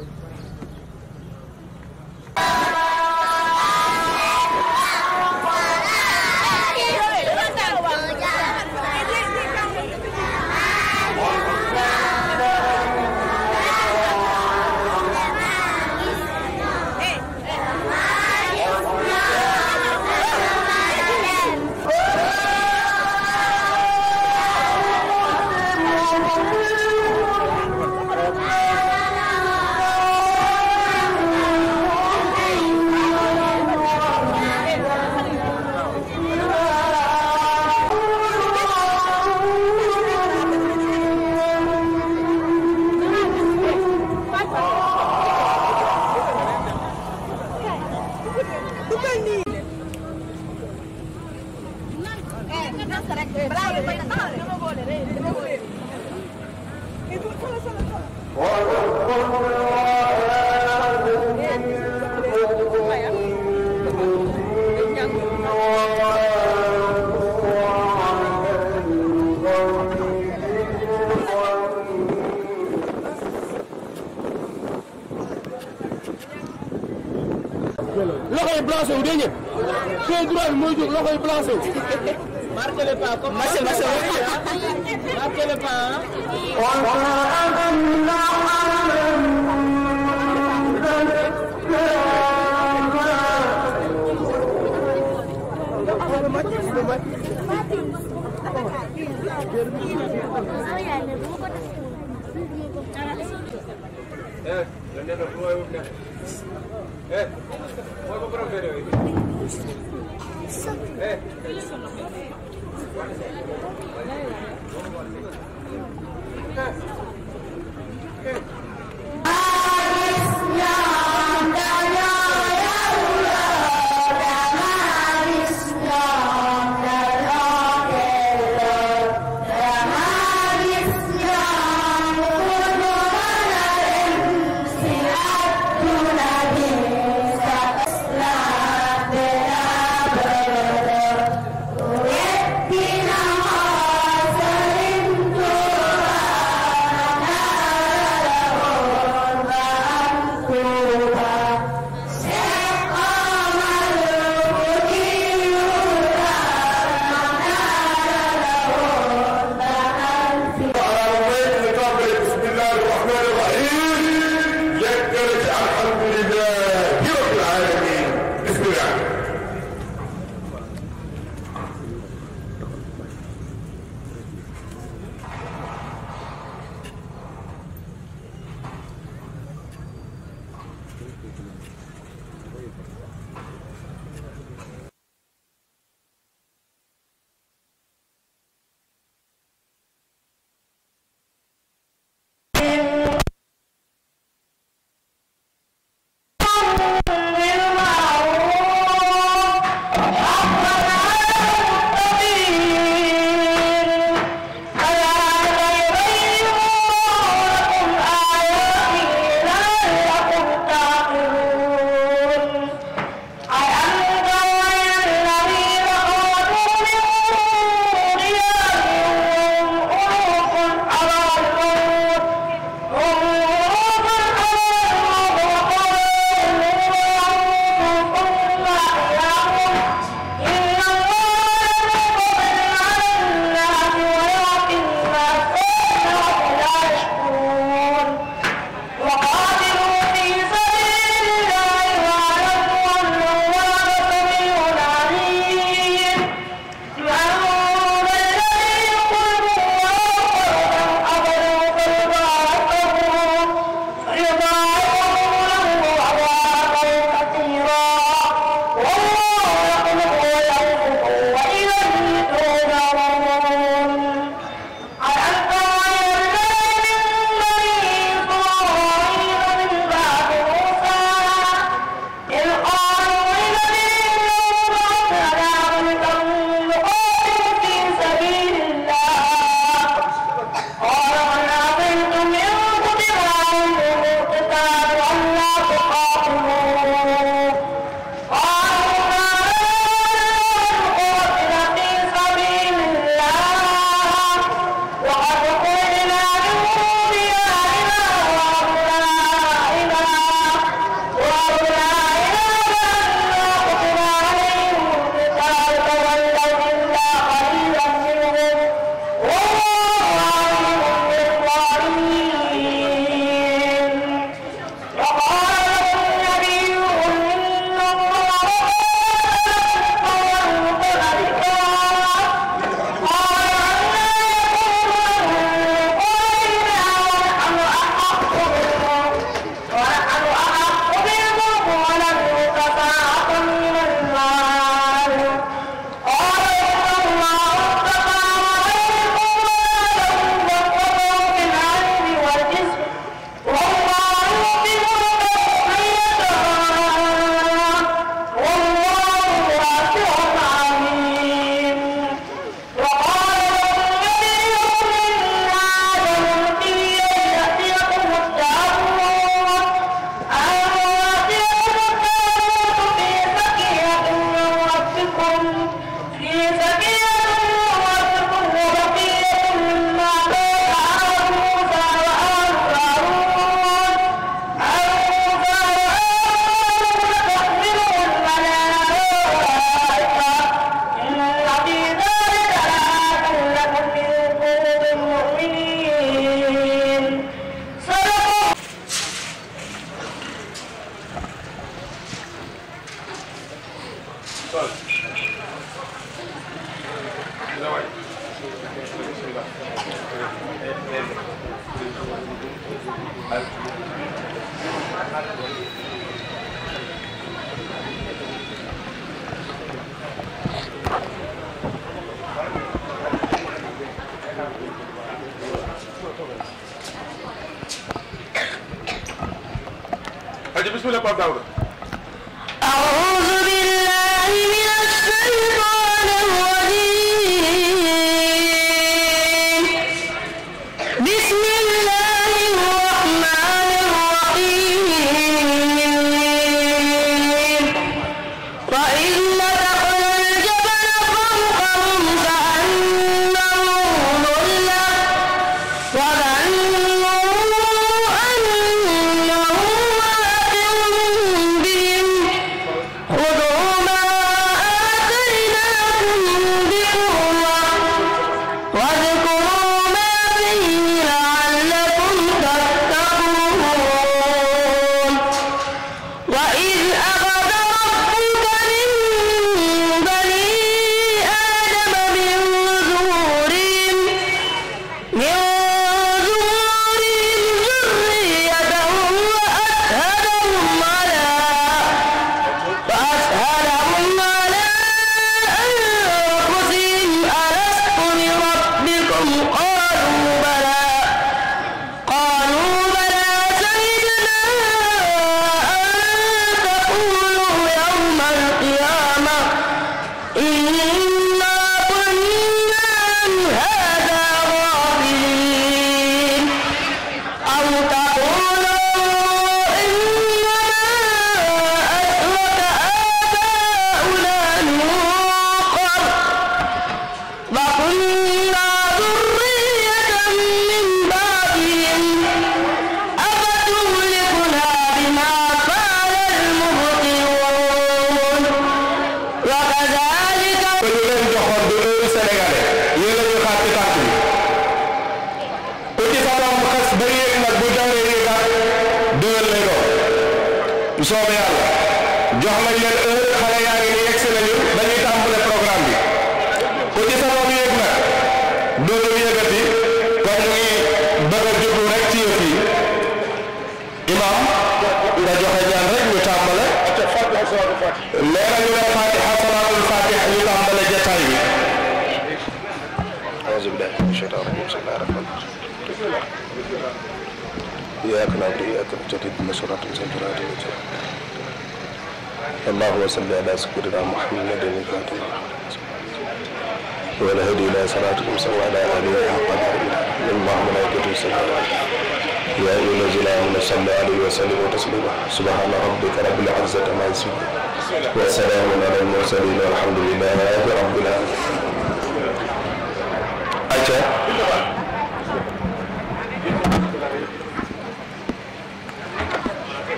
Lord, bring your jóg loxo yi placé wu. marqué le pas comme marqué marqué eh, voy a comprar un video. Thank you.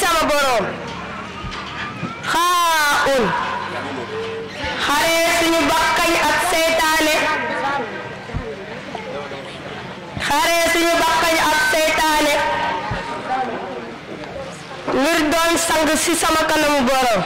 sama boroom xaa un xaree suñu bakkañ ak seytaane xaree suñu sang ci sama kanamu boroom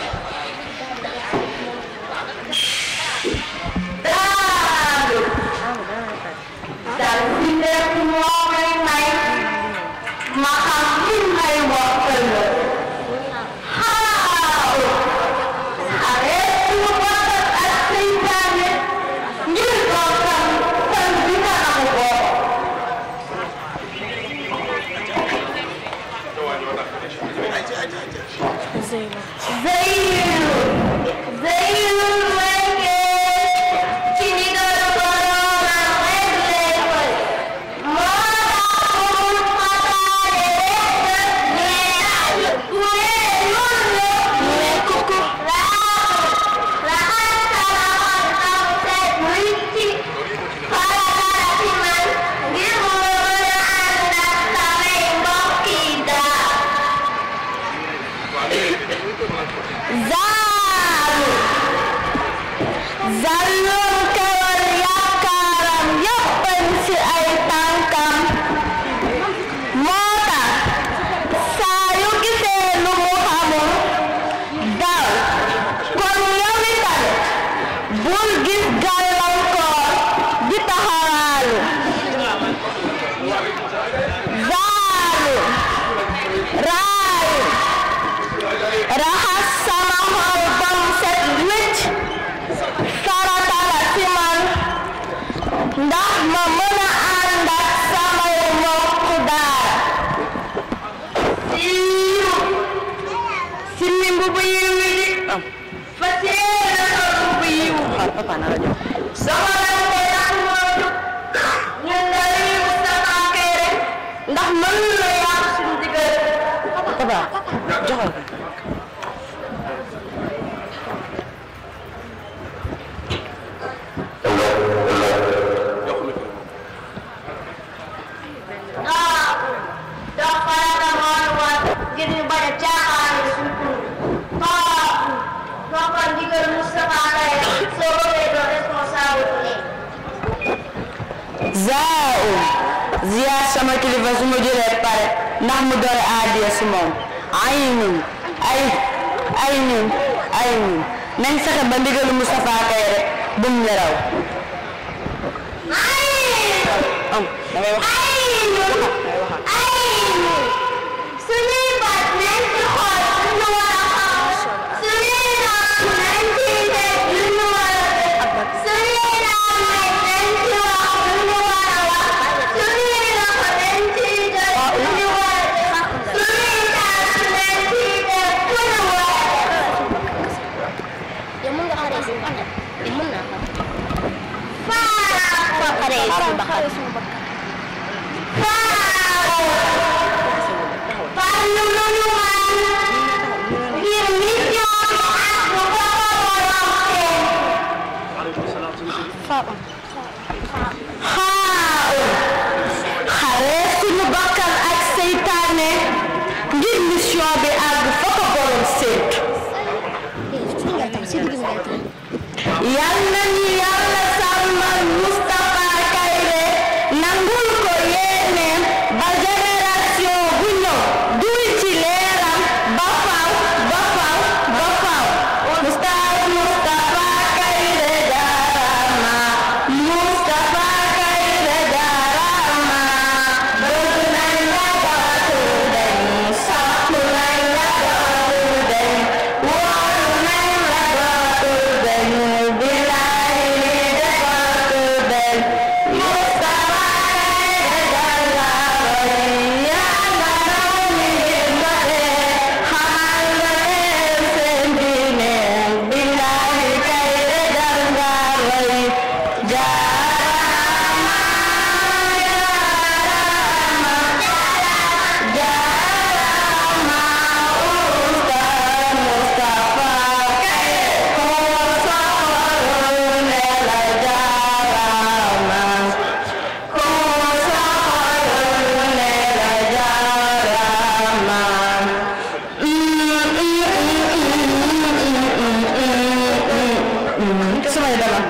samay dara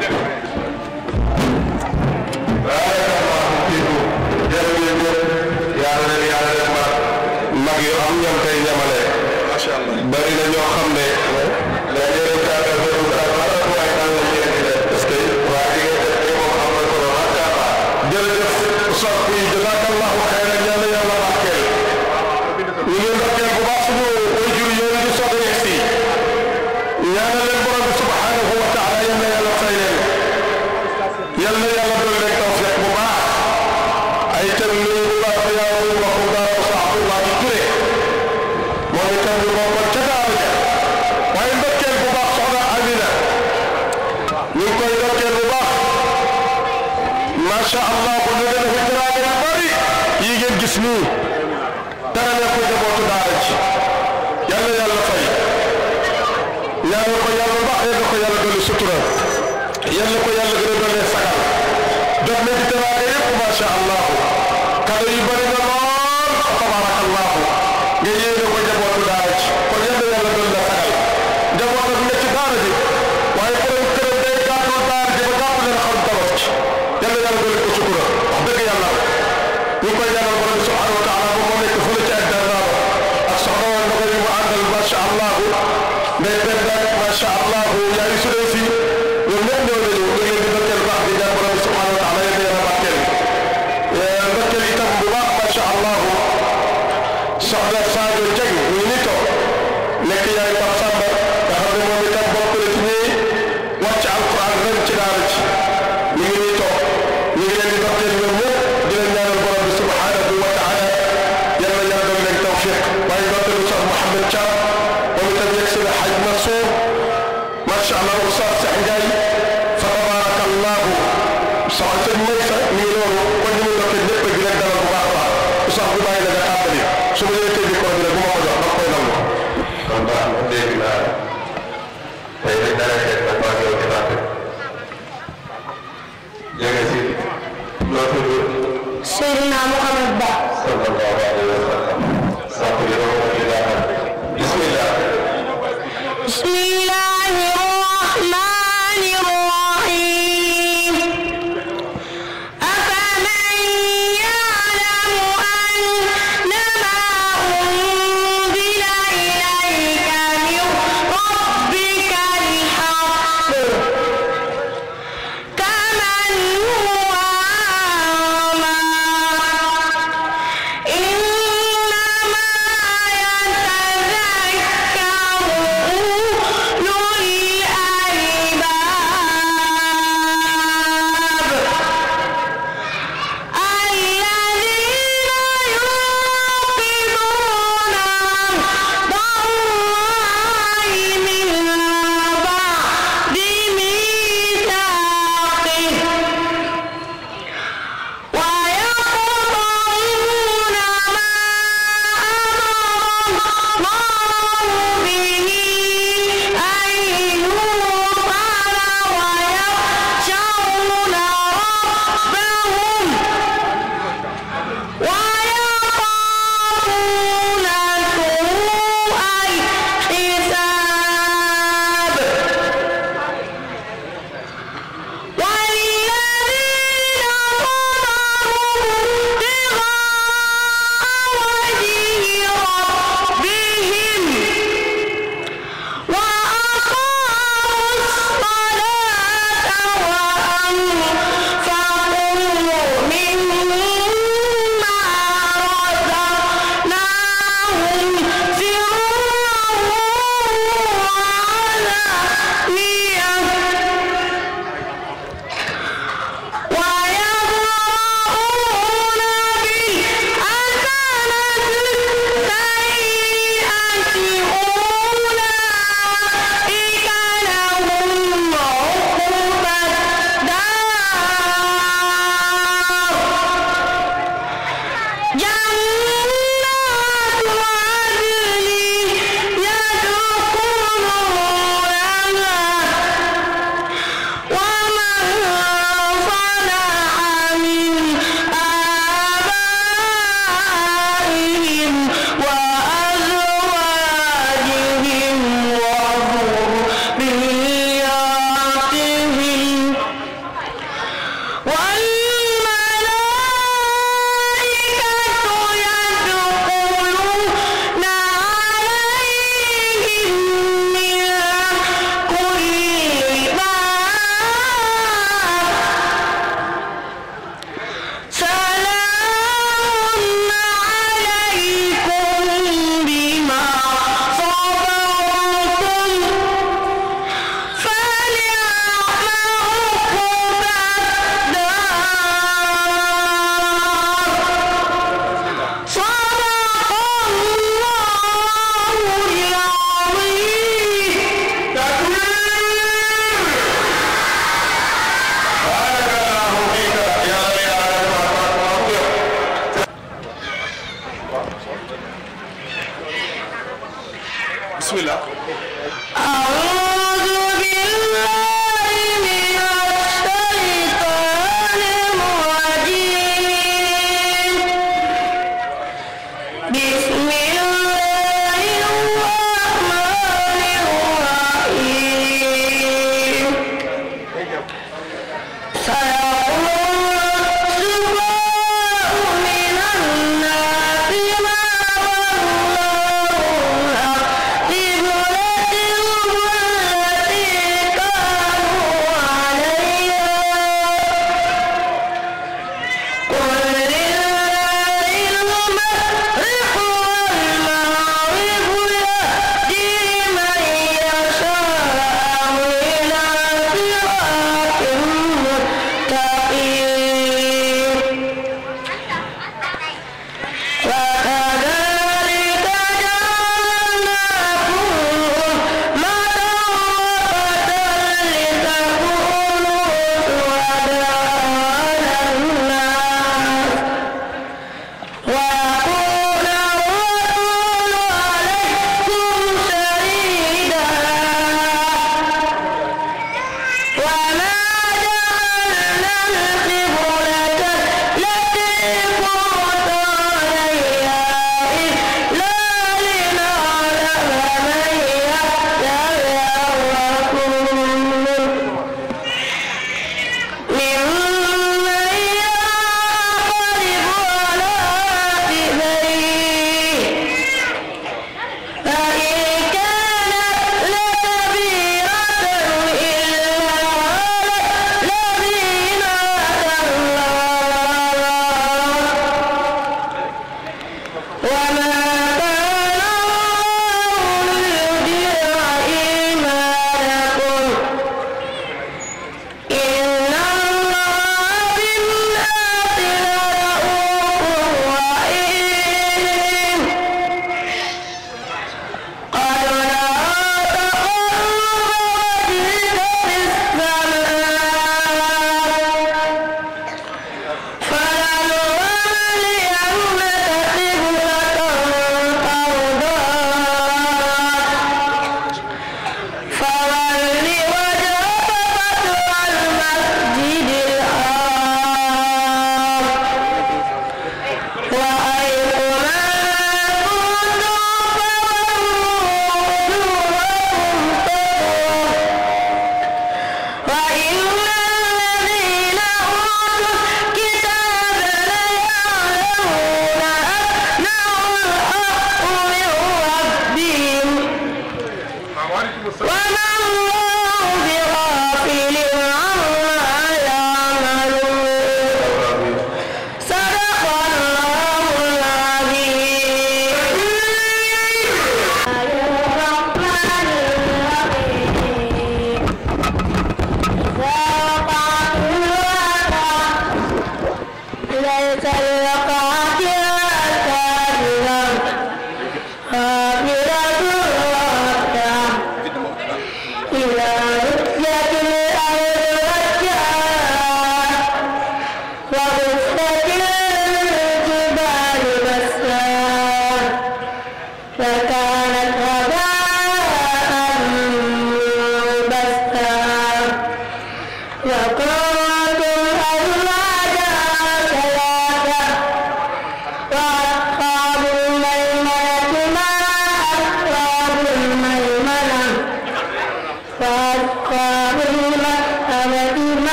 yàlla na yàlla mag yu am ñoom tey ñamale bari na ñoo xam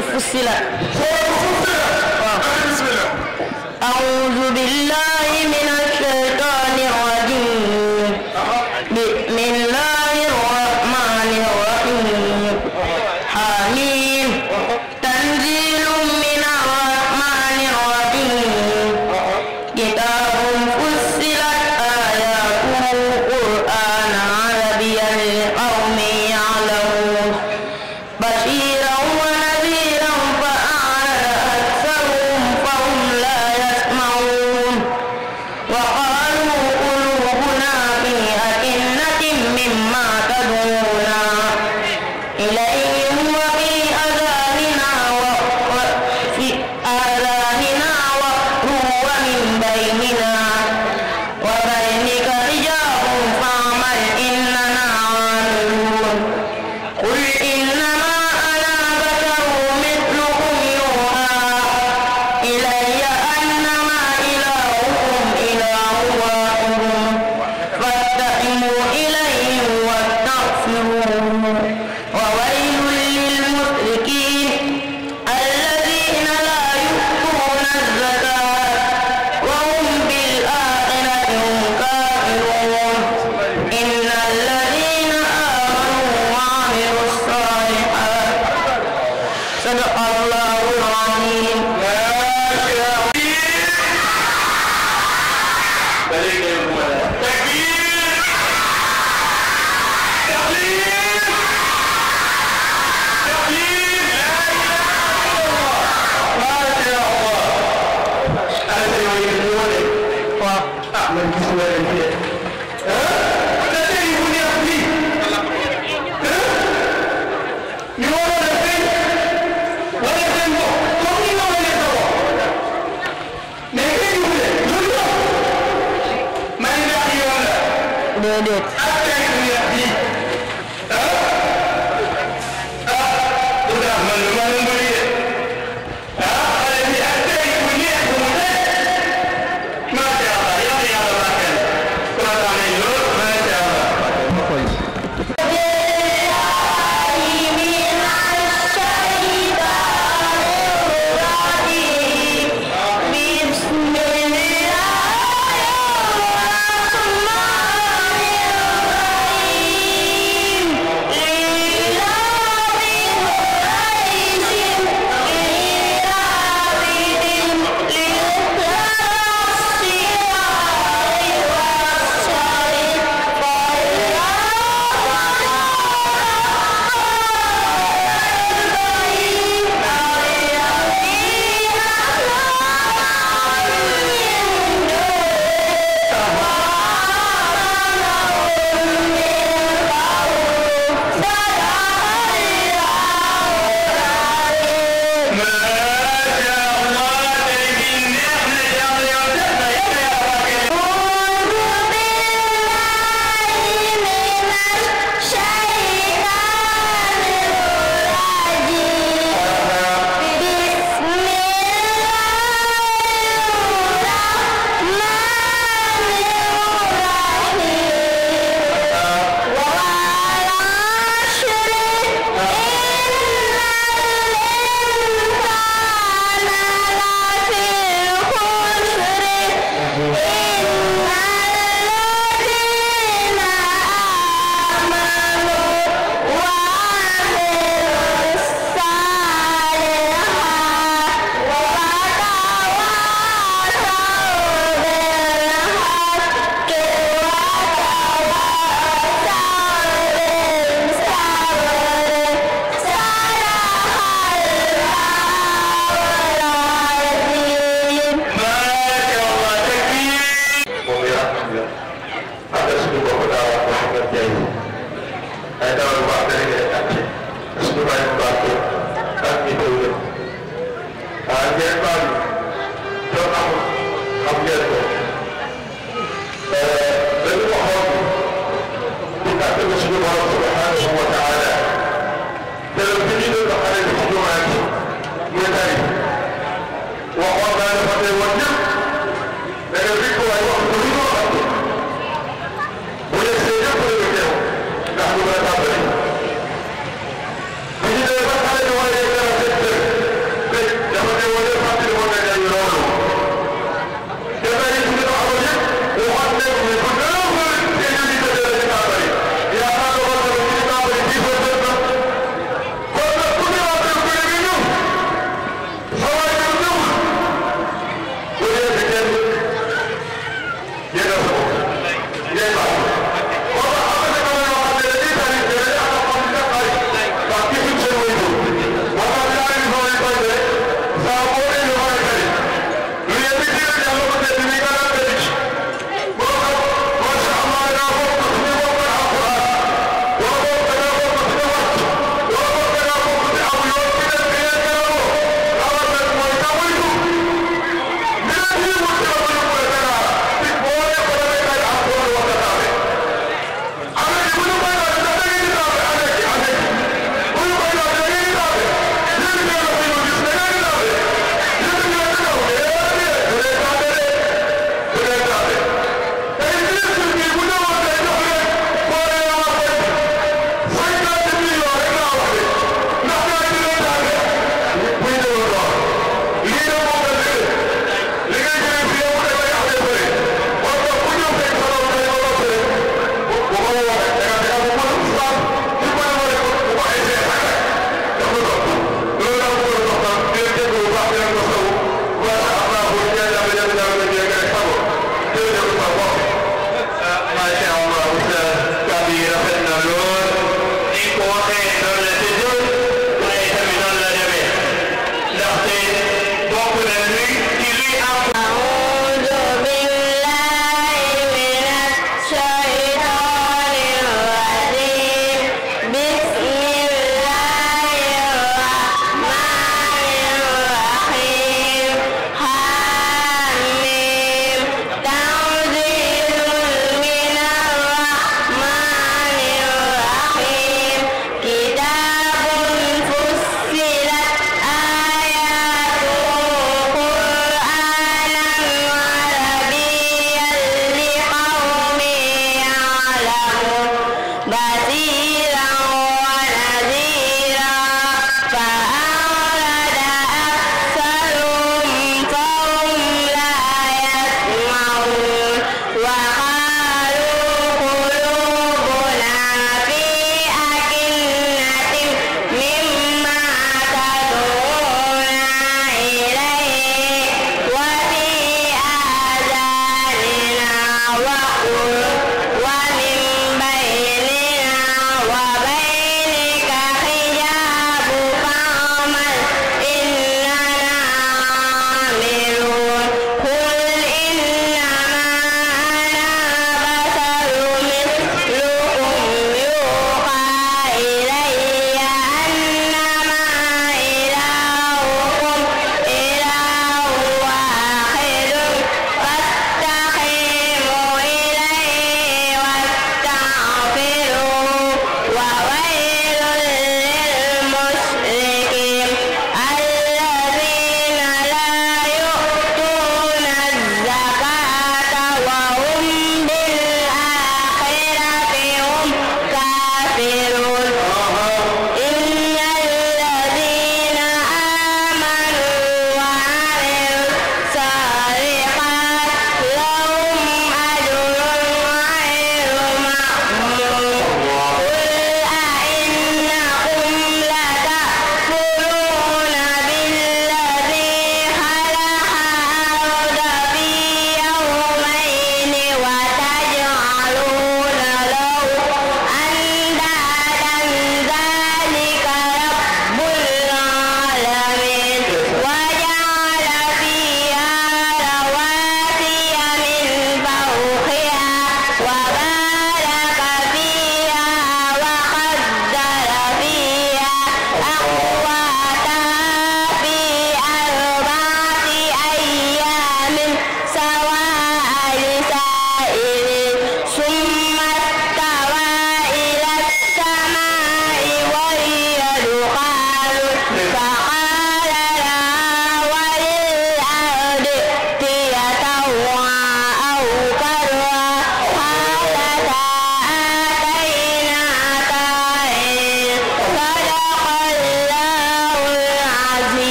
فصلت فصلت أعوذ بالله من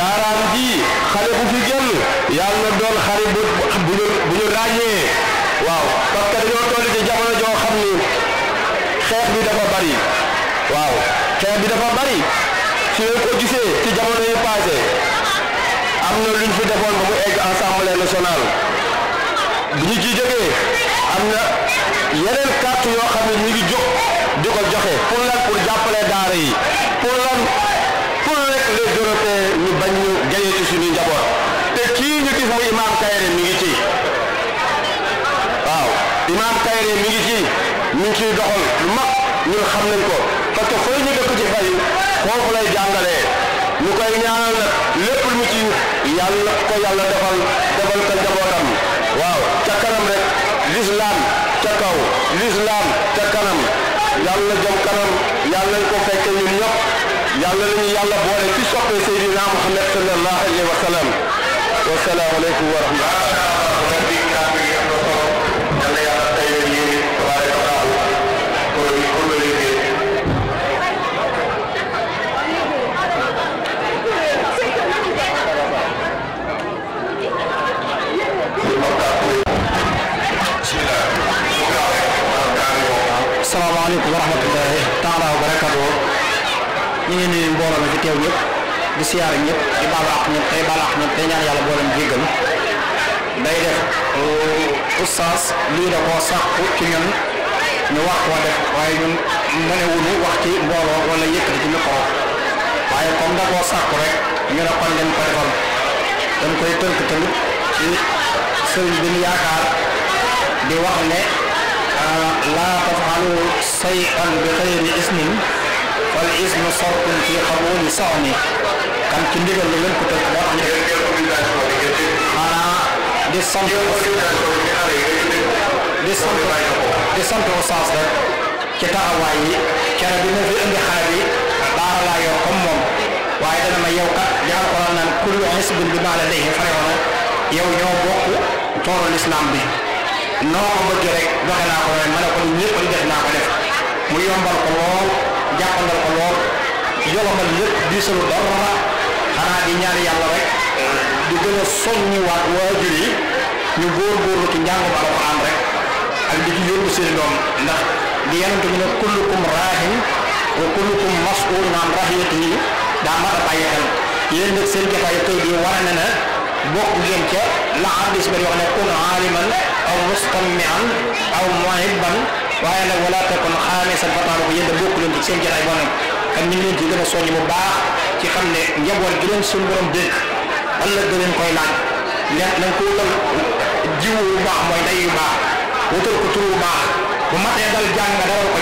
daaraam ji xale bu fi jël yàlla na doon xale bu bu ñu ràññee waaw parce que dañoo toll ci jamono joo xam ni xeex bi dafa bari waaw xeex bi dafa bari su ngeen ko gisee ci jamono yi passé am na luñ fi defoon ba mu egg assemblée nationale bu ñu ci jógee am na yeneen carte yoo xam ne ñu ngi jóg di ko joxe pour lan pour jàppale daara yi pour lan. les Européens ñu bañ ñu suñu njaboot te kii ñu gis muy Imam Kayre mi ngi ci waaw Imam Kayre mi ngi ci mi ngi ciy doxal lu mag xam nañ ko parce que fooy ñu dëkk ci fayu foofu lay jàngalee ñu koy ñaanal nag lépp mu ci yàlla ko yàlla defal defal ko njabootam waaw ca kanam rek l'islam ca kaw l'islam ca kanam yàlla jëm yàlla nañ ko fekke ñun ñëpp yàlla la ñu yàlla boole ci soppee Seydina Muhammad sallallahu alayhi wa sallam wa salaamu aleykum wa rahmatullah السلام عليكم ورحمة الله تعالى وبركاته ñu ngi nuyu mbooloo mi fi teew ñëpp di siyaar ñëpp di baalu àq ñëpp tey baalu àq ñëpp tey ñaan yàlla boolem jéggal day def euh, oustaz lii da koo sàkku ci ñun ñu wax koo def waaye ñun mënewuñu wax ci mbooloo wala yëkkati ci micro waaye comme da koo rek ñu ne kon dañ ko defal dañ koy tënk tamit ci sëriñ bi ñu yaakaar di wax ne euh, laa tafxalu say an bi xëyri isnin والإذن صرف في قبول صعني كان كندي قال لي انت انا دي سنت دي سنت دي سنت وصاص ده كتا واي كان بينا في عند خالي بار لا يقوم واحد لما يوقع يا قران كل حسب بما لديه فرعون يوم يوم بوك طور الاسلام به نو ما بجي رك دخلنا قران ما نقول نيب ندخلنا قران مو يوم بالقران jangan ko lool yolomal di ñaan yàlla rek di gën a di ci yóbbu seen doom ndax di yenante mu ne kullukum raahin wa kullukum mas'ulun an rahiyatihi daa mat a bàyyi xel yéen nag di wane na ne bokk ngeen la hadis ba di wax kun mustamian muhibban waaye nag wala takun xaamisan fataaru ko yéen a bokk leen ci seen jataay boo nag kan ñu ngi leen ci gën a soññ bu baax ci xam ne njaboot gi leen suñu borom dëkk ëllëg da leen koy laaj leen nañ ko jiwu baax mooy ndey baax wutal ko turu bu baax bu dal jàng nga dalal ko.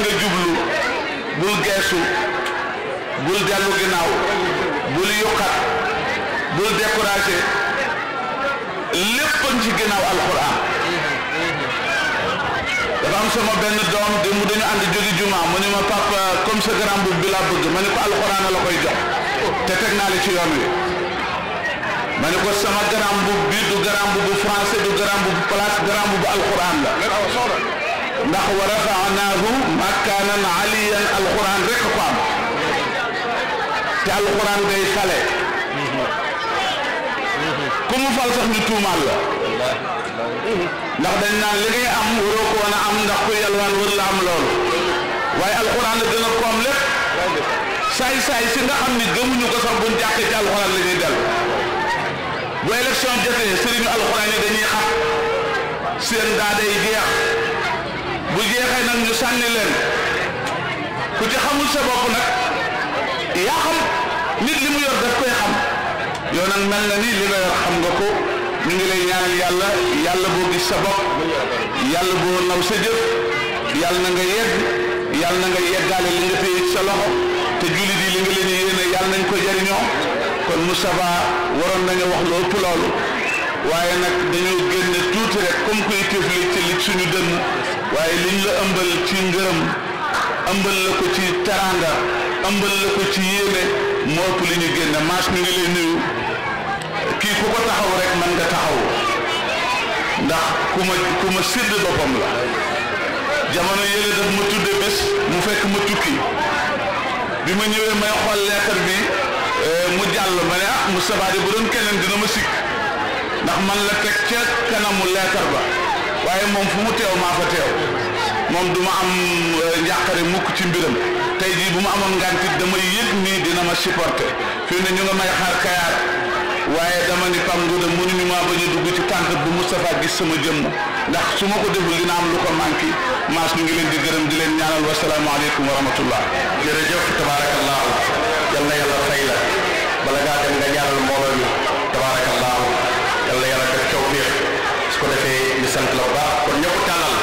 nga jublu bul gessu bul delu ginaaw bul yuqat bul décourager lépp ci ginaaw alquran dafa am sama benn doom di mu dañu ànd jógi juma mu ne ma papa comme sa grand bu bi la bëgg ma ne ko alquran la koy jox te teg naa li ci yoon wi ma ne ko sama grand bu bi du grand bu français du grand bu place grand bu alquran la ndax wa rafaanaahu makaanan aliyan alquran rek ko am te alquran day xale ku mu fal sax ñu tuumaal la naan li am waroo ko woon a am ndax ku yalwaan war la am loolu waaye alquran la gën koom lépp saay-saay si nga xam ni gëmuñu ko sax buñ jàqee ci alquran la ñuy dellu bu élection jotee sëriñu alquran yi dañuy xat seen daa day jeex bu jeexee nag ñu sànni leen ku ci xamul sa bopp nag yaa xam nit li mu yor daf koy xam yow nag na ni li nga yor xam nga ko ñu ngi lay ñaanal yàlla yàlla boo gis sa bopp yàlla boo naw sa jëf yàlla na nga yegg yàlla na nga yeggaale li nga téye sa loxo te jullit yi li nga leen yéene yàlla nañ ko jariñoo kon Moustapha waroon nañu wax lu ëpp loolu waaye nag dañoo génn tuuti rek comme kuy tëfli ci li suñu dënn waaye liñ la ëmbal ci ngërëm ëmbal la ko ci teraanga ëmbal la ko ci yéene moo ëpp li ñu génn maas mi ngi lay nuyu kii ku ko taxaw rek man nga taxaw ndax ku ma ku ma sidd boppam la jamono yële daf ma tudde bés mu fekk ma tukki bi ma ñëwee may xool lettre bi euh, mu jàll ma ne ah mu sabaade bu doon keneen dina ma sikk ndax man la teg ca kanamu lettre ba waaye moom fu mu teew maa fa teew moom du ma am euh, njàqare mukk ci mbiram tey jii bu ma amoon ngantit dama yëg nii dina ma supporter fii ne ñu nga may xaar kayaar waaye dama ni Pape Ngouda mënuñu maa bañ a dugg ci tànk bu Moustapha gis sama jëmm ndax su ma ko deful dina am lu ko manqué maas ñu ngi leen di gërëm di leen ñaanal wasalaamaaleykum wa rahmatullah jërëjëf tabaarakallah yal na yàlla fay la bala ngaa dem nga ñaanal mbooloo mi tabaarakallah yal na yàlla def tawfiq su ko defee sant la bu baax kon ñëpp tàllal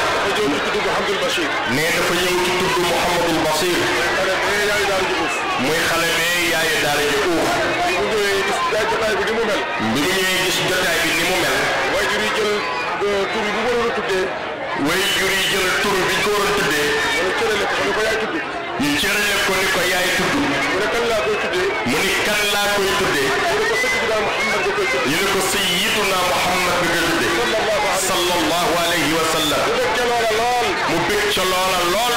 nee dafa ñëw ci tudd Mouhamadul Basir muy xale bee yaayu daara ji uuf bi mu ñëwee gis jotaay bi ni mu mel bi mu ñëwee gis jotaay bi ni mu mel way jur yi jël tur bi bu waroon a tuddee way jur yi jël tur bi ko waroon a tuddee wala cërale ko ñu ko yaay tudd cërale ko ni ko yaay tudd mu ne kan laa koy tuddee mu ni kan laa koy tuddee ñu ne ko sayyiduna Muhammad bi nga tuddee sallallahu alayhi wa sallam mu bég ca loola lool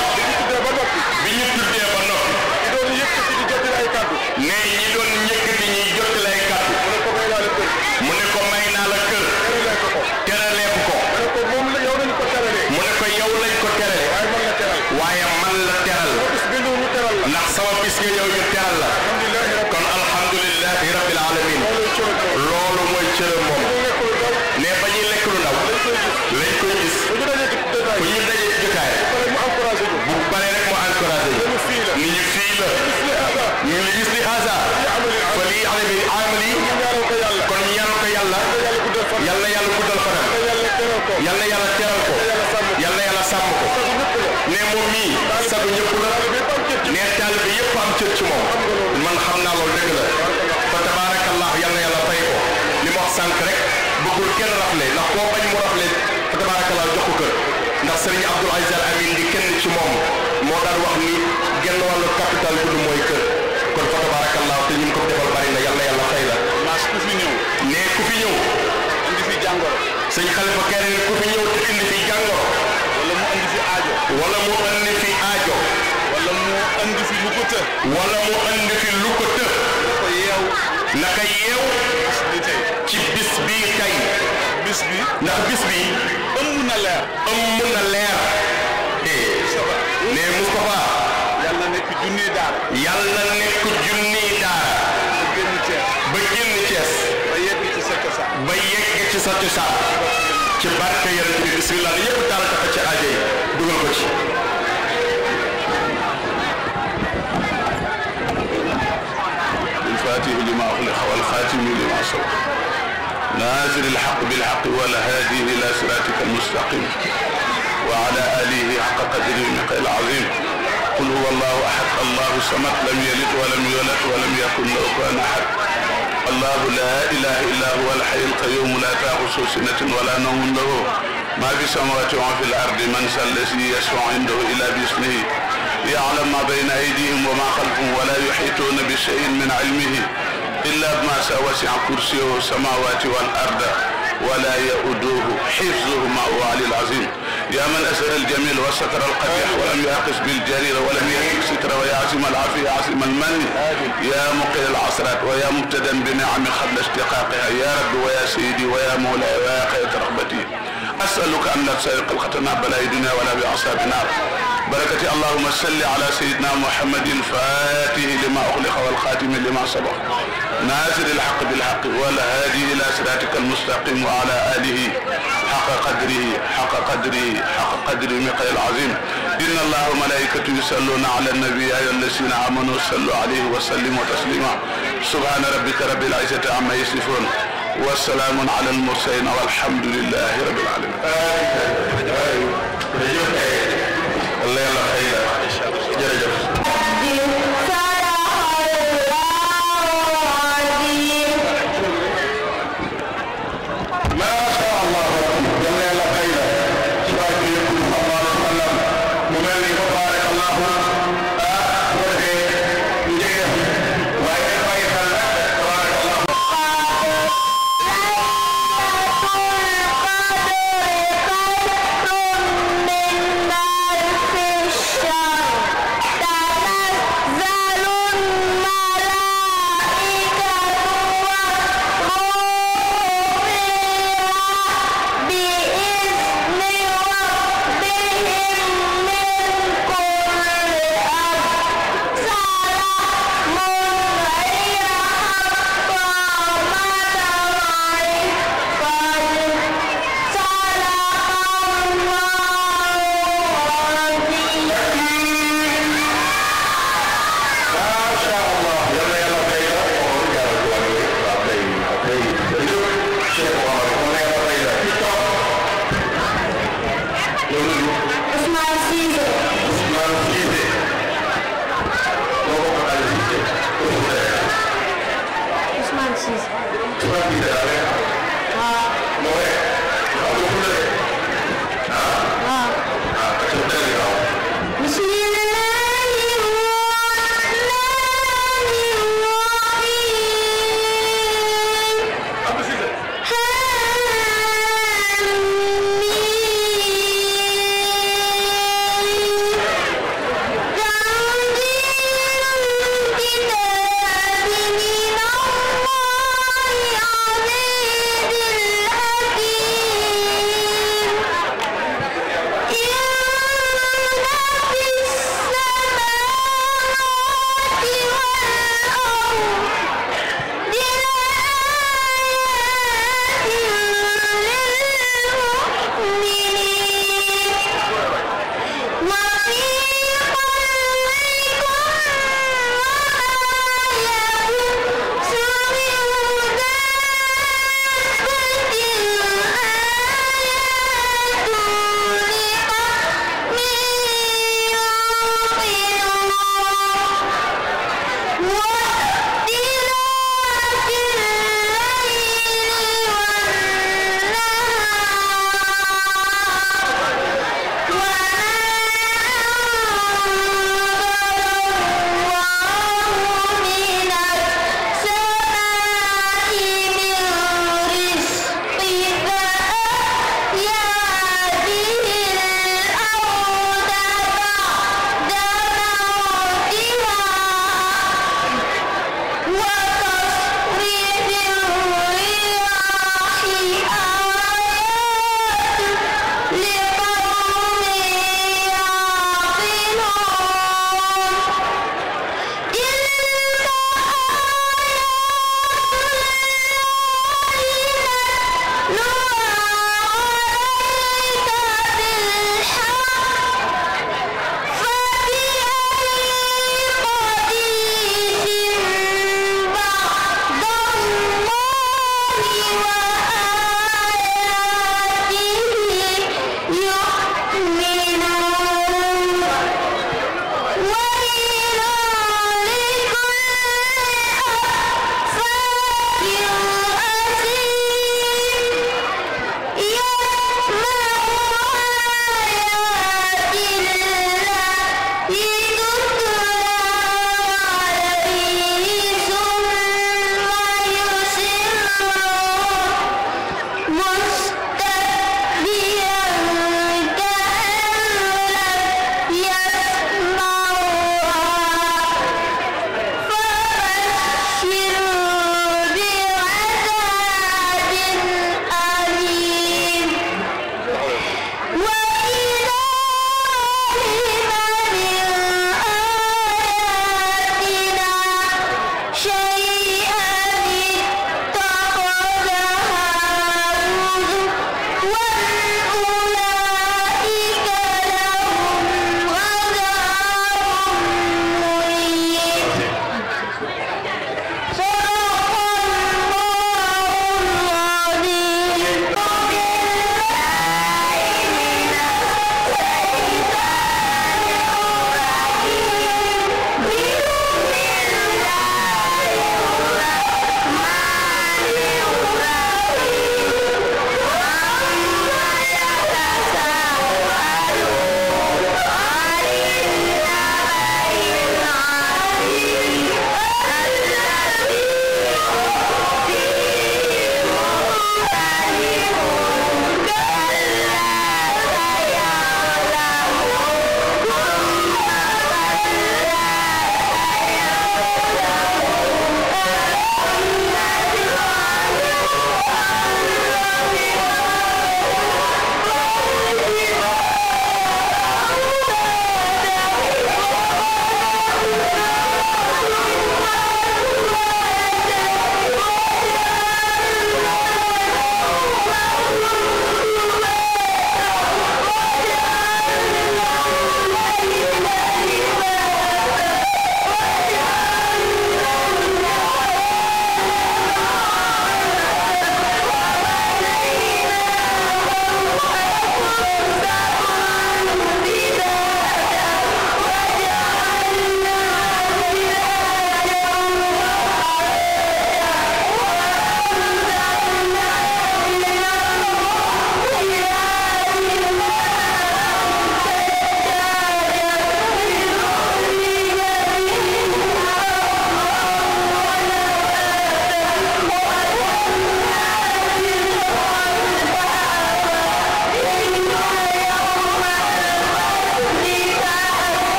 bi ñu tuddee ba noppi ne ñi doon yëkkati ñuy jottali ay kàddu mu ne yal na yàlla teral ko yal na yàlla sàmm ko ne moom mii sadu ñëpp la ne taalibe yëpp am cër ci moom man xam naa loolu dëgg la fa tabaarakallah yal na yàlla fay ko li ma wax sànq rek bëggul kenn rafle ndax koo bañ mu rafle fa tabaarakallah jox ko kër ndax sëriñ Abdoul Aziz Al Amin di kenn ci moom moo daan wax ni genn wàllu capital bu du mooy kër fa tabaarakallah te ñi ko defal bari na yal ku fi ñëw. sëñ xalifa keneen ku fi ñëw te indi fi jàngoro wala mu indi fi aajo wala mu indi fi aajo wala mu indi fi lu ko të wala mu indi fi lu ko të naka yeew naka yeew ci bis bi tey bis bi ndax bis bi ëmm na leer ëmm na leer ne Moustapha yàlla nekk junniy daara yàlla nekk junniy daara ba génn Cees ba génn Cees ba yegg ci sa cosaan ci barke yonent bi لما أخلق والخاتم لما سبق نازل الحق بالحق ولا هاديه إلى صراطك المستقيم وعلى آله حق قدره المقدار العظيم قل هو الله احد الله الصمد لم يلد ولم يولد ولم يكن له كفوا احد الله لا اله الا هو الحي القيوم لا تاخذه سنه ولا نوم له ما في السماوات وما في الارض من ذا الذي يشفع عنده الا باسمه يعلم ما بين ايديهم وما خلفهم ولا يحيطون بشيء من علمه الا بما وسع كرسيه السماوات والارض ولا يؤوده حفظهما هو العلي العظيم يا من أسر الجميل وستر القبيح ولم يعقس بالجرير ولم يهيك ستر ويا عاصم العافية عاصم المن يا مقل العصرات ويا مبتدا بنعم قبل اشتقاقها يا رب ويا سيدي ويا مولاي ويا خير رغبتي أسألك أن لا تسرق بلا يدنا ولا بأعصابنا بركة اللهم صل على سيدنا محمد فاته لما أغلق والخاتم لما سبق ناصر الحق بالحق والهادي إلى صراطك المستقيم وعلى آله حق قدره حق قدره حق قدره مقدار العظيم إن الله وملائكته يصلون على النبي أيها الذين آمنوا صلوا عليه وسلموا تسليما سبحان ربك رب العزة عما يصفون وسلام على المرسلين والحمد لله رب العالمين. الله يلا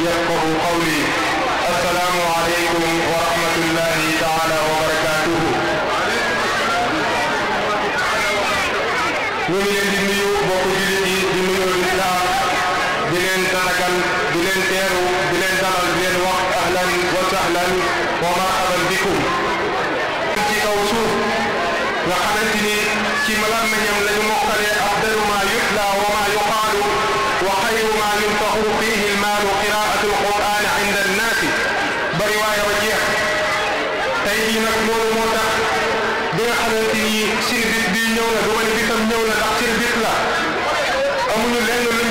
يفقه قولي السلام عليكم ورحمة الله تعالى وبركاته ñu ngi leen di nuyu bokk jullit yi di nuyu lislaam di leen taragal di leen teeru di leen dalal di leen wax ahlan wa sahlan wa marhaban bikum ci kaw suuf nga xamante ni ci malam nañam la ñu mokkale abdalu ma yutla wa ma yuqaalu wa xayru ma yuntaxu fihi lma قراءة القرآن عند الناس برواية وجيه tey jii nag loolu moo tax bi nga xamante ni seen bit bii ñëw na du ma ni bitam ñëw na ndax seen bit la amuñu lenn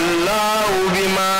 والله بما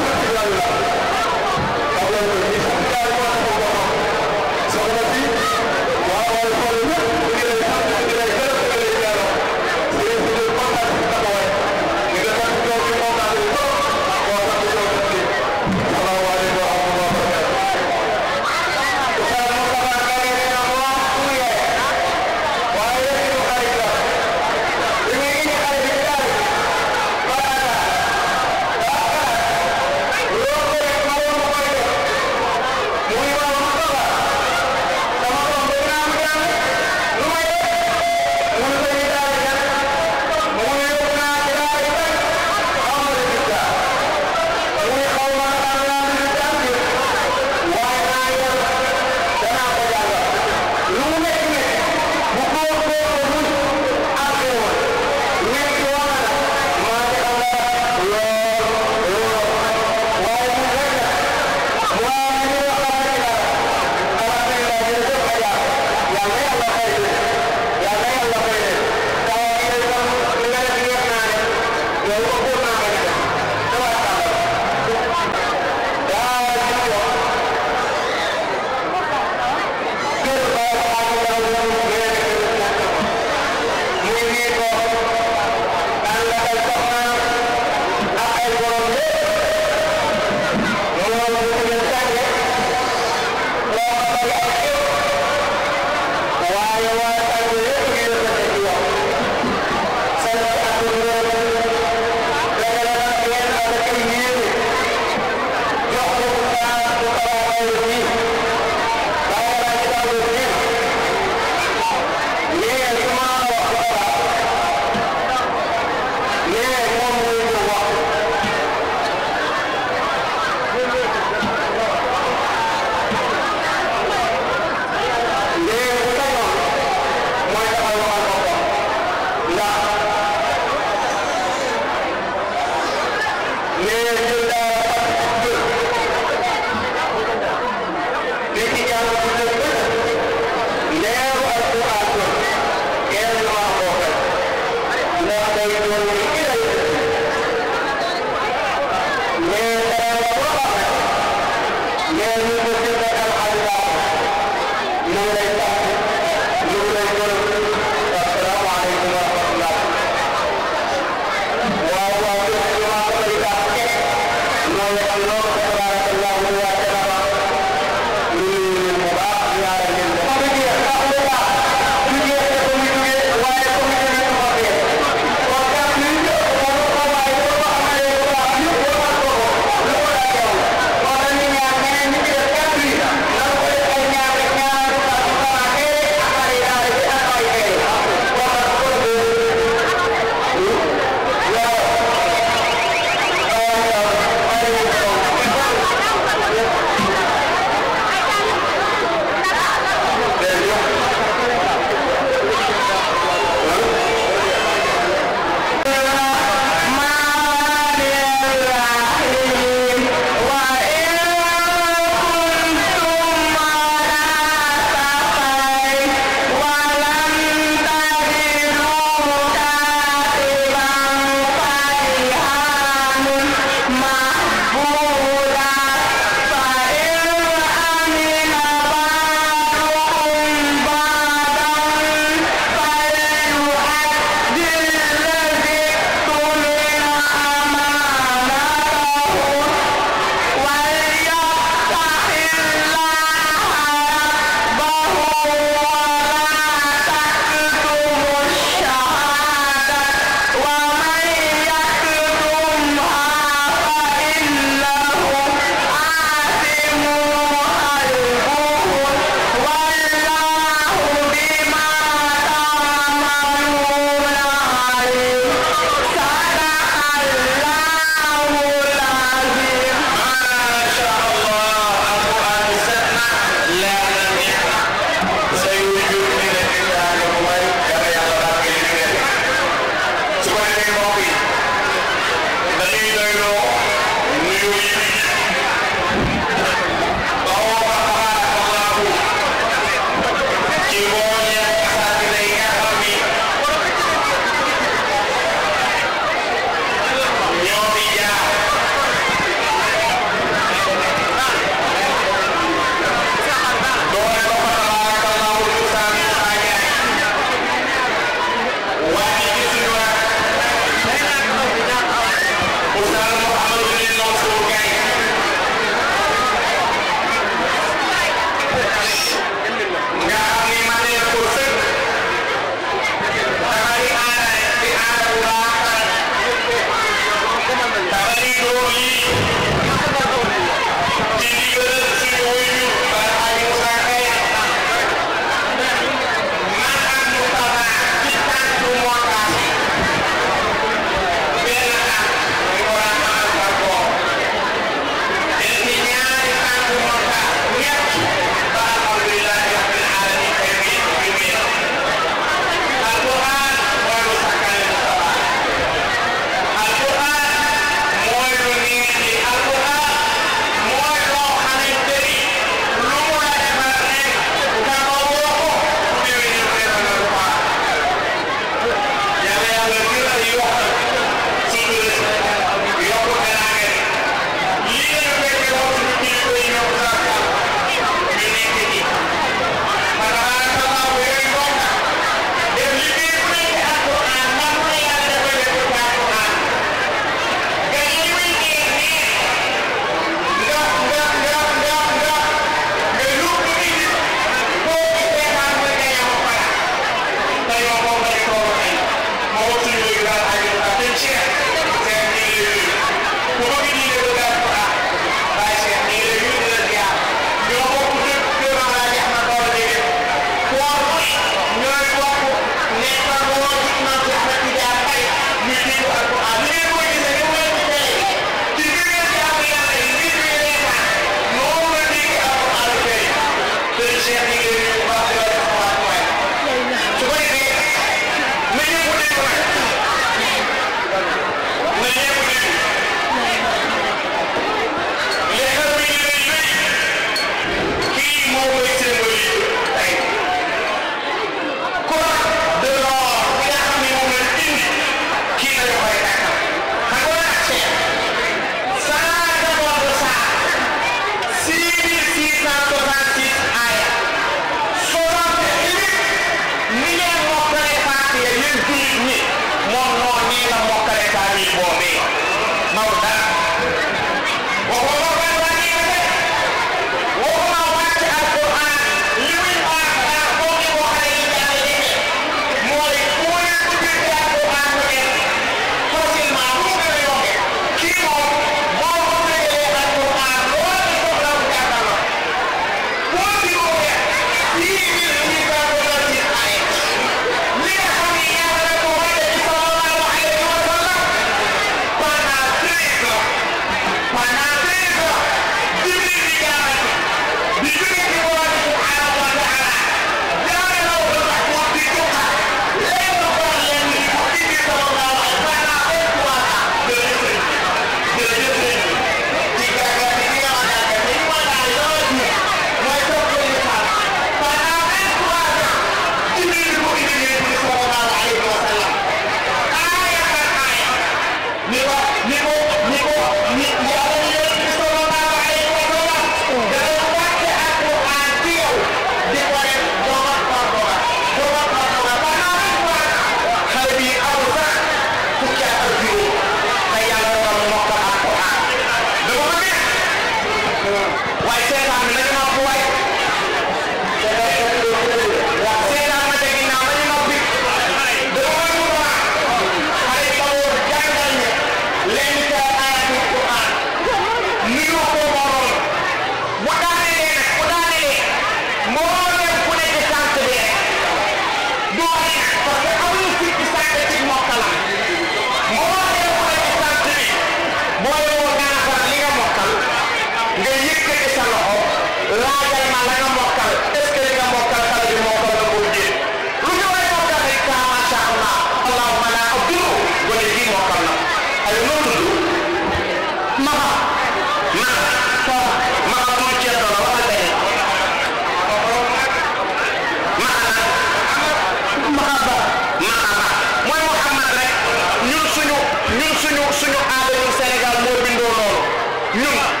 위험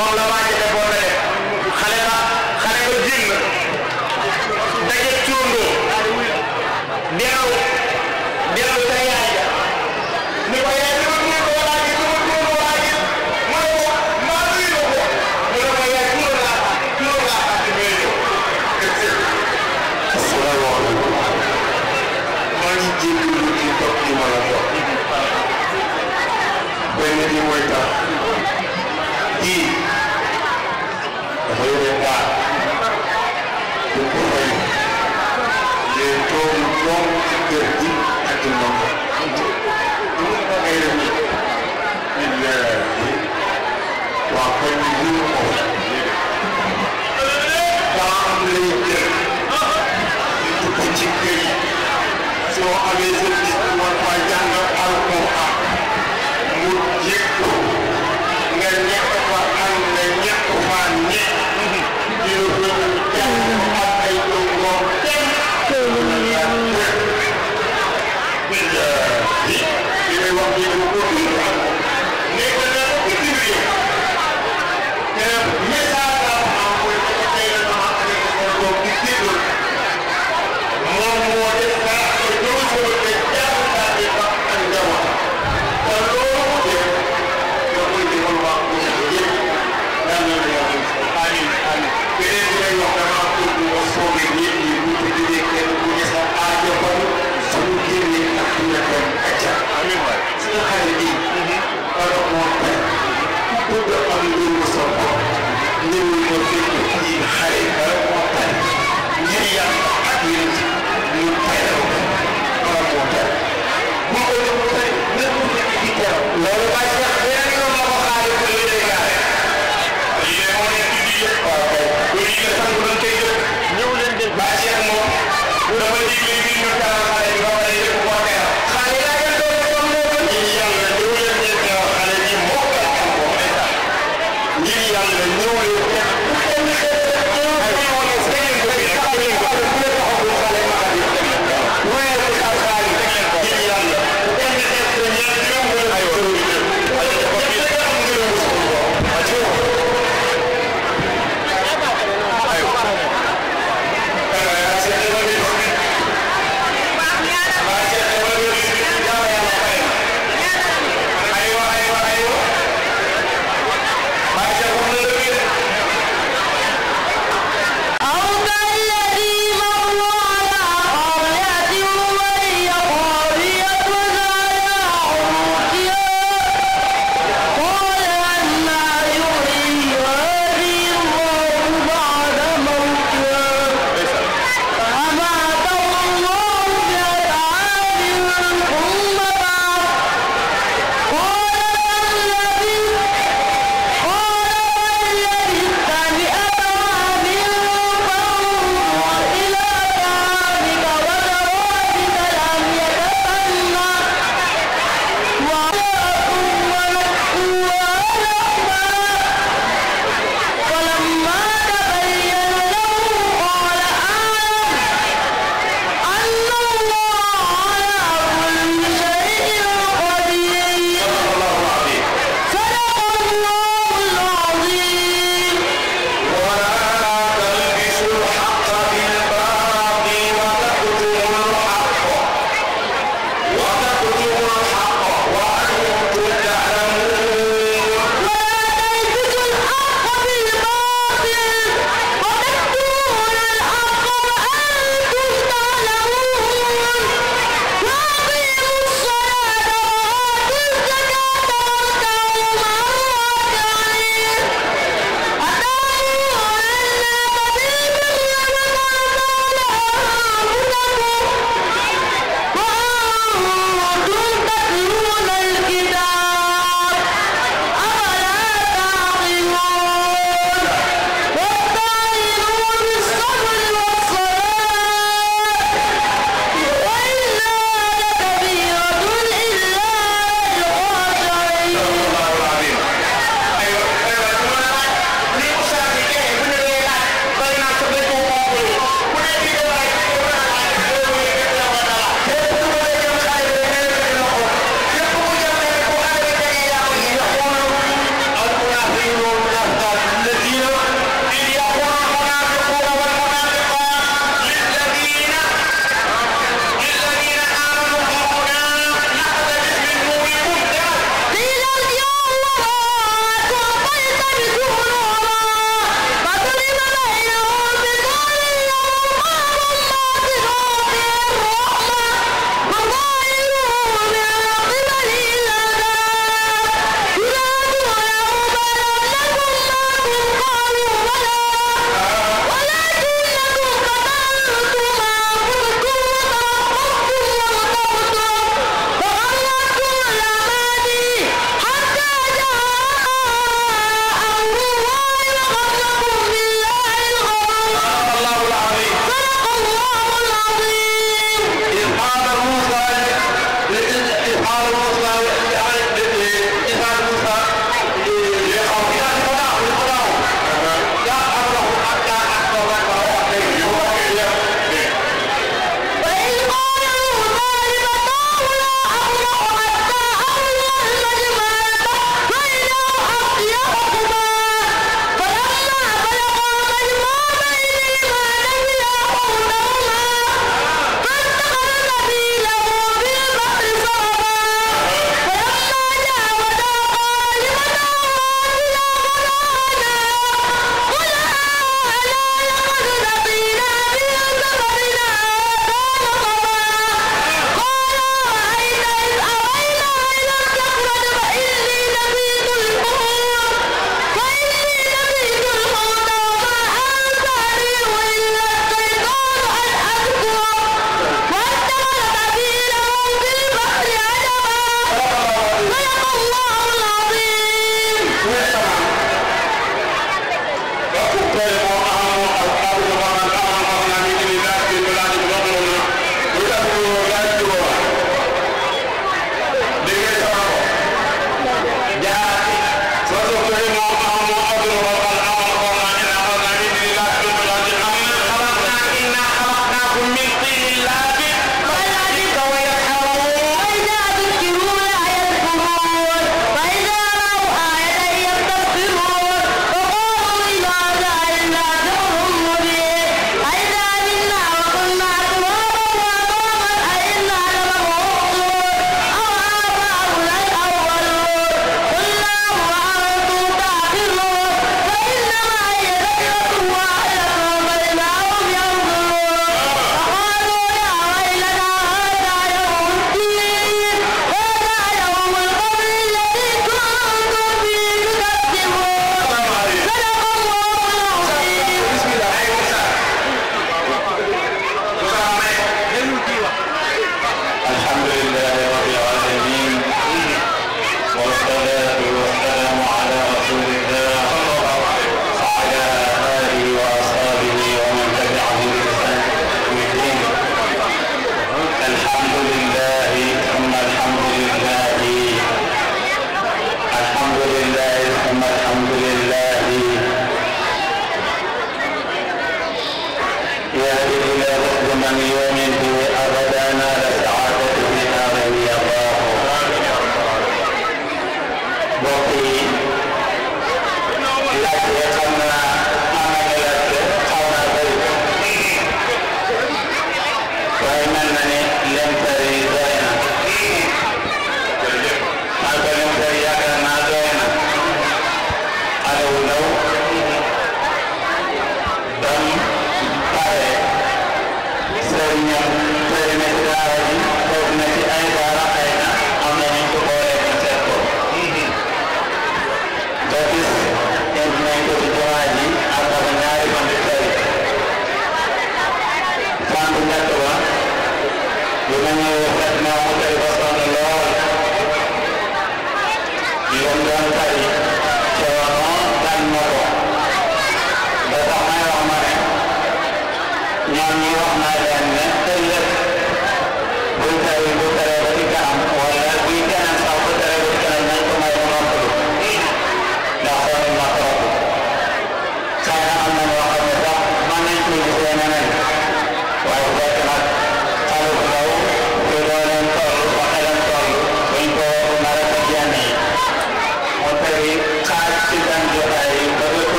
moom la waaji defoon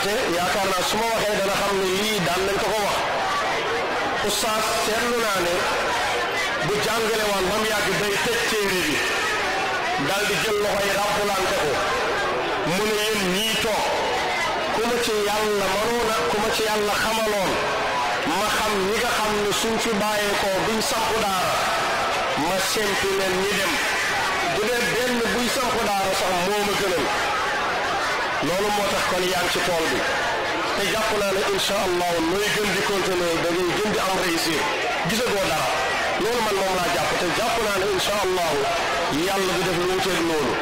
ndaxte yaakaar naa su ma waxee dana xam ne lii daan nañ ko wax oustaz seetlu naa ne bu jàngale waan ba mu yàgg day tëj téere bi daal di jël loxo yi ràbbulante ko mu ne yéen ñii toog ku ma ci yàlla mënoon ku ma ci yàlla xamaloon ma xam ñi nga xam ne suñ fi bàyyeekoo duñ sampu daara ma sempi leen dem bu dee benn buy sampu daara sax moo ma gënal loolu moo tax ko yaa ngi ci tool bi te jàpp naa ne incha nooy gën di continuer da ngay gën di am réussir gisagoo dara loolu man moom laa jàpp te jàpp naa ne incha allah yàlla bi def lu wuteeg loolu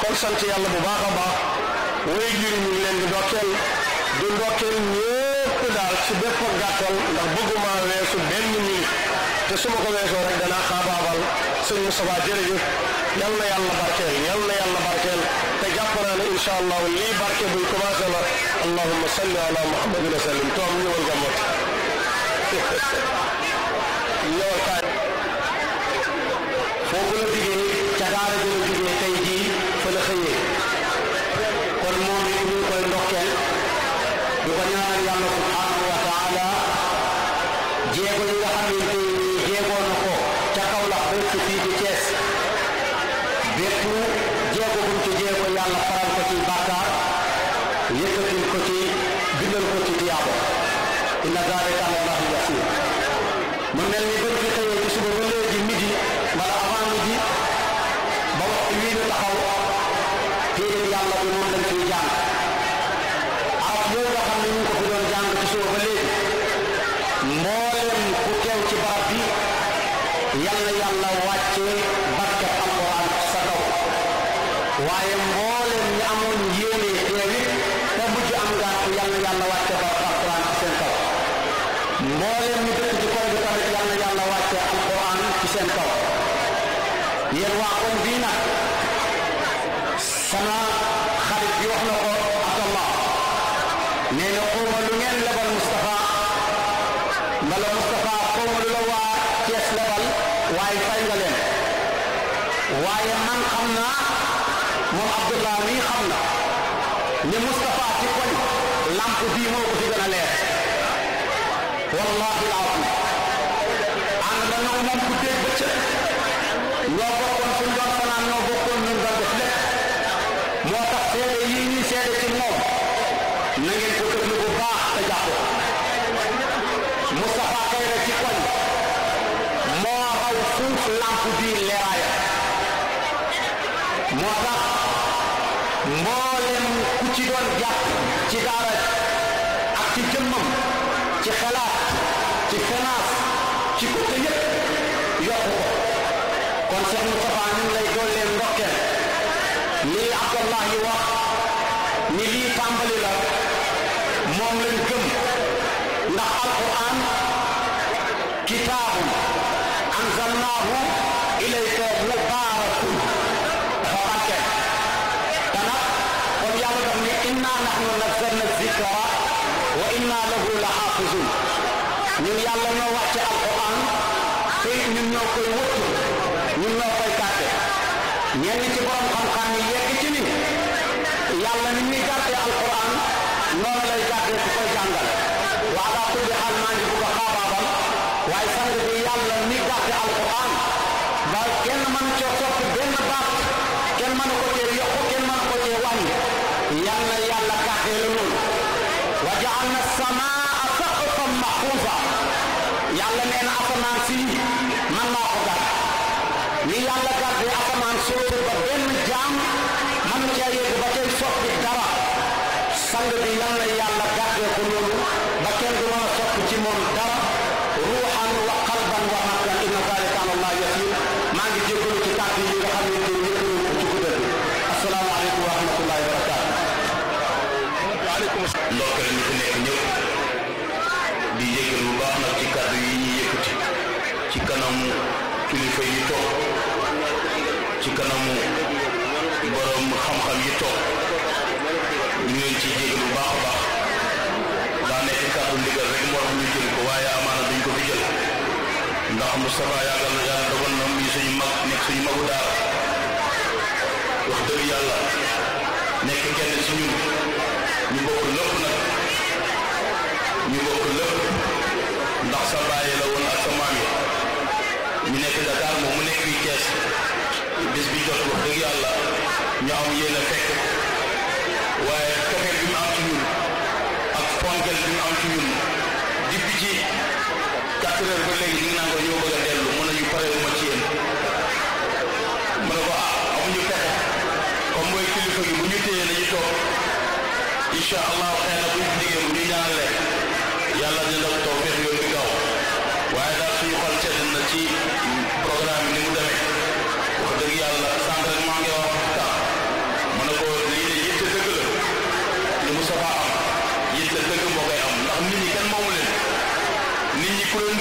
kon sant bu baax a baax way jur ñu leen di ndokkeel di ndokkeel ñëpp daal ci bépp gàttal ndax bëgguma weesu benn minute te su ko weesoo rek danaa xaabaabal sëñ Moussa jërëjëf yal na yàlla قرآن إن شاء الله واللي بارك بيكم أزلا اللهم صل على محمد وسلم تؤمن والقمت wallahi alazim ànd na ñoom moom ku dégg bëccëg ñoo bokkoon suñ doon fanaan ñoo bokkoon ñun doon def lépp moo tax seede yii ñuy seede ci moom na ngeen ko déglu bu baax te ci koñ moo raw fuuf lamp bii leeraaya moo tax mboolem ku ci doon jàpp ci daara ci jëmmam ci xalaat référence ci côté yépp yokku ko kon Cheikh Moustapha ni mu lay doolee ndokkeel lii Abdallah yi wax ni lii tàmbali la moom lañ gëm ndax alquran kitaabun anzalnaahu ilayka mubaarakun dafa barke te nag kon yàlla daf ni inna nahnu nazzalna zikra wa inna lahu la xaafizun ñun yàlla ñoo wax ci alquran te ñun ñoo koy wëttu ñun ñoo koy gàtte ñenn ci borom xam-xam yi yegg ci ni yàlla ni muy gàtte alquran noonu lay gàtte ku koy jàngal waa daa ko xal maa ngi bugg a xaabaabal kan? waaye sang bi yàlla ni gàtte alquran ba kenn mën benn baat kenn mën ko cee yokku kenn mën ko cee wàññi yàlla yàlla gàtte la loolu wa jaal na samaa maxfuusa yàlla nee na asamaan si maa ko gar ni yàlla garde asamaan soosu ba benn jaam man caa yegg ba tey soppi dara sang bi yàlla yàlla garde ko loolu ba kenn du mën a soppi ci moom dara kanamu borom xam-xam yi toog ci jéggi bu baax a baax daa nekk kàddu ndigal rek moo tax ñu jël ko waaye amaana duñ ko fi ndax mu yaakaar na yàlla dogal na muy suñu mag nekk suñu magu daara wax ndax sa bàyyi la woon ak sa maam yi nekk Dakar moom mu nekk bis bi jot wax dëgg yàlla ñu am yéen fekk waaye cofeel bi mu ci ñun ak fonkel bi mu am ci ñun depuis ci quatre heures léegi ñu ngi naan ko ñoo bëgg a dellu mën nañu ma ci yéen ma ne ko ah amuñu pexe comme mooy kilifa gi bu ñu téyee nañu toog incha allah xëy na bu ñu liggéey bu ñu ñaanale yàlla dina ko toog feex yoon bi dëgg moo koy am ndax nit ñi kenn moomu leen nit ñi ku leen